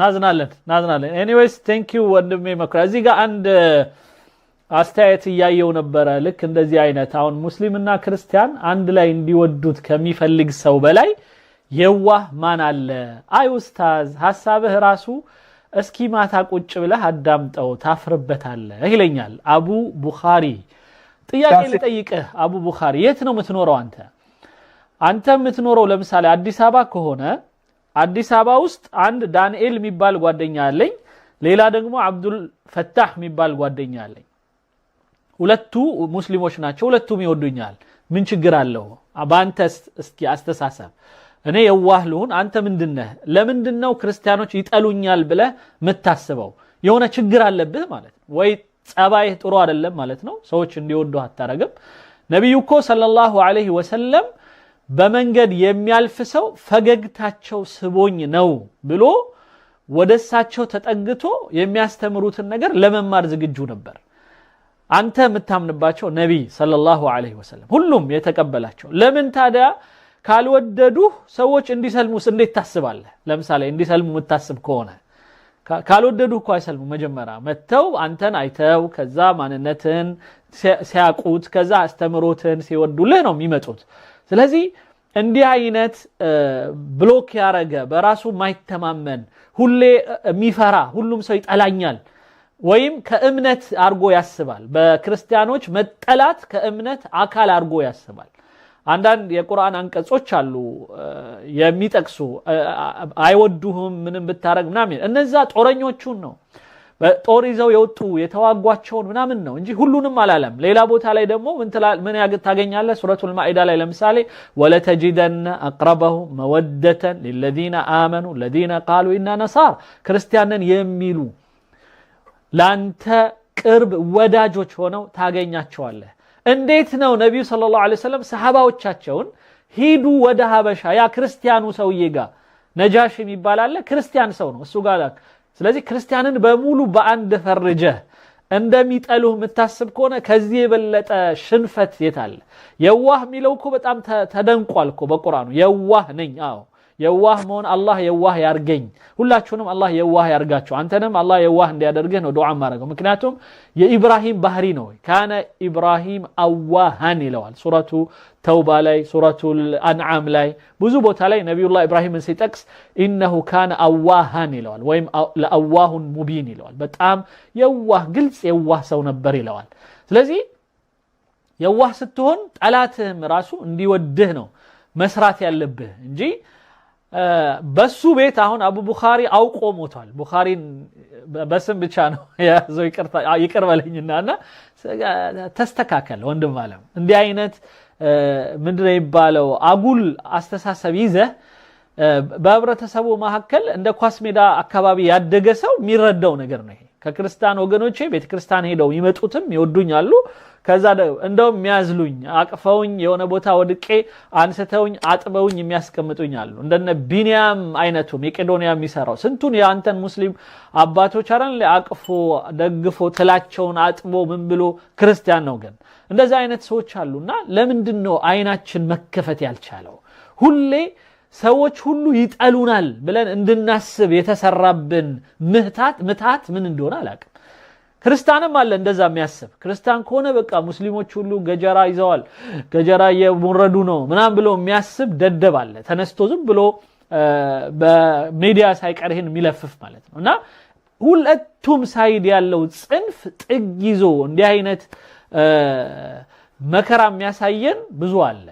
ናዝናለን ናዝናለን። ኤኒዌይስ ቴንክ ዩ ወንድሜ መኩሪያ። እዚህ ጋር አንድ አስተያየት እያየው ነበረ። ልክ እንደዚህ አይነት አሁን ሙስሊምና ክርስቲያን አንድ ላይ እንዲወዱት ከሚፈልግ ሰው በላይ የዋህ ማን አለ? አይ ኡስታዝ፣ ሀሳብህ ራሱ እስኪ ማታ ቁጭ ብለህ አዳምጠው ታፍርበታለ ይለኛል አቡ ቡኻሪ። ጥያቄ ልጠይቅህ አቡ ቡኻሪ፣ የት ነው የምትኖረው አንተ? አንተ የምትኖረው ለምሳሌ አዲስ አበባ ከሆነ አዲስ አበባ ውስጥ አንድ ዳንኤል የሚባል ጓደኛ አለኝ። ሌላ ደግሞ አብዱል ፈታህ የሚባል ጓደኛ አለኝ። ሁለቱ ሙስሊሞች ናቸው። ሁለቱም ይወዱኛል። ምን ችግር አለው? በአንተ እስኪ አስተሳሰብ እኔ የዋህ ልሁን፣ አንተ ምንድነህ? ለምንድን ነው ክርስቲያኖች ይጠሉኛል ብለ የምታስበው? የሆነ ችግር አለብህ ማለት ነው ወይ? ጸባይህ ጥሩ አይደለም ማለት ነው። ሰዎች እንዲወዱ አታረግም። ነቢዩ እኮ ሰለላሁ ዐለይሂ ወሰለም በመንገድ የሚያልፍ ሰው ፈገግታቸው ስቦኝ ነው ብሎ ወደ እሳቸው ተጠግቶ የሚያስተምሩትን ነገር ለመማር ዝግጁ ነበር። አንተ የምታምንባቸው ነቢይ ሰለላሁ ዐለይሂ ወሰለም ሁሉም የተቀበላቸው ለምን ታዲያ ካልወደዱ ሰዎች እንዲሰልሙስ እንዴት ታስባለህ? ለምሳሌ እንዲሰልሙ የምታስብ ከሆነ ካልወደዱ እኮ አይሰልሙ። መጀመሪያ መጥተው አንተን አይተው ከዛ ማንነትን ሲያቁት ከዛ አስተምሮትን ሲወዱልህ ነው የሚመጡት። ስለዚህ እንዲህ አይነት ብሎክ ያረገ በራሱ ማይተማመን ሁሌ የሚፈራ ሁሉም ሰው ይጠላኛል ወይም ከእምነት አርጎ ያስባል። በክርስቲያኖች መጠላት ከእምነት አካል አርጎ ያስባል። አንዳንድ የቁርአን አንቀጾች አሉ የሚጠቅሱ አይወዱህም ምንም ብታረግ ምናምን፣ እነዛ ጦረኞቹን ነው። ጦር ይዘው የወጡ የተዋጓቸውን ምናምን ነው እንጂ ሁሉንም አላለም። ሌላ ቦታ ላይ ደግሞ ምን ታገኛለህ? ሱረቱል ማኢዳ ላይ ለምሳሌ ወለተጂደነ አቅረበሁ መወደተን ለለዚነ አመኑ ለዚነ ቃሉ ኢና ነሳር ክርስቲያንን የሚሉ ለአንተ ቅርብ ወዳጆች ሆነው ታገኛቸዋለህ። እንዴት ነው ነቢዩ ሰለላሁ ዐለይሂ ወሰለም ሰሃባዎቻቸውን ሂዱ ወደ ሀበሻ ያ ክርስቲያኑ ሰውዬ ጋር ነጃሽ የሚባል አለ ክርስቲያን ሰው ነው እሱ ጋር ስለዚህ ክርስቲያንን በሙሉ በአንድ ፈርጀህ እንደሚጠሉህ የምታስብ ከሆነ ከዚህ የበለጠ ሽንፈት የት አለ? የዋህ የሚለው እኮ በጣም ተደንቋል እኮ በቁርአኑ። የዋህ ነኝ አዎ የዋህ መሆን አላህ የዋህ ያርገኝ። ሁላችሁንም አላህ የዋህ ያርጋችሁ። አንተንም አላህ የዋህ እንዲያደርግህ ነው ዱዓ ማድረገው። ምክንያቱም የኢብራሂም ባህሪ ነው። ካነ ኢብራሂም አዋሃን ይለዋል ሱረቱ ተውባ ላይ ሱረቱ አንዓም ላይ ብዙ ቦታ ላይ ነቢዩላህ ኢብራሂምን ሲጠቅስ ኢነሁ ካነ አዋሃን ይለዋል፣ ወይም ለአዋሁን ሙቢን ይለዋል። በጣም የዋህ ግልጽ የዋህ ሰው ነበር ይለዋል። ስለዚህ የዋህ ስትሆን ጠላትህም ራሱ እንዲወድህ ነው መስራት ያለብህ እንጂ በሱ ቤት አሁን አቡ ቡኻሪ አውቆ ሞቷል። ቡኻሪን በስም ብቻ ነው የያዘው። ይቅር በለኝና እና ተስተካከል ወንድም አለም። እንዲህ አይነት ምንድነው የሚባለው አጉል አስተሳሰብ ይዘህ በህብረተሰቡ መካከል እንደ ኳስ ሜዳ አካባቢ ያደገ ሰው የሚረዳው ነገር ነው ይሄ ከክርስቲያን ወገኖቼ ቤተክርስቲያን ሄደው ይመጡትም ይወዱኛሉ። ከዛ እንደውም የሚያዝሉኝ አቅፈውኝ የሆነ ቦታ ወድቄ አንስተውኝ አጥበውኝ የሚያስቀምጡኝ አሉ። እንደነ ቢንያም አይነቱ መቄዶንያ የሚሰራው ስንቱን የአንተን ሙስሊም አባቶች አረን አቅፎ ደግፎ ትላቸውን አጥቦ ምን ብሎ ክርስቲያን ነው ግን እንደዚህ አይነት ሰዎች አሉና ለምንድን ነው አይናችን መከፈት ያልቻለው ሁሌ ሰዎች ሁሉ ይጠሉናል ብለን እንድናስብ የተሰራብን ምታት ምታት ምን እንደሆነ አላቅም። ክርስቲያንም አለ እንደዛ የሚያስብ ክርስቲያን ከሆነ በቃ ሙስሊሞች ሁሉ ገጀራ ይዘዋል፣ ገጀራ እየሞረዱ ነው ምናም ብሎ የሚያስብ ደደብ አለ። ተነስቶ ዝም ብሎ በሜዲያ ሳይቀር ይህን የሚለፍፍ ማለት ነው እና ሁለቱም ሳይድ ያለው ጽንፍ ጥግ ይዞ እንዲህ አይነት መከራ የሚያሳየን ብዙ አለ።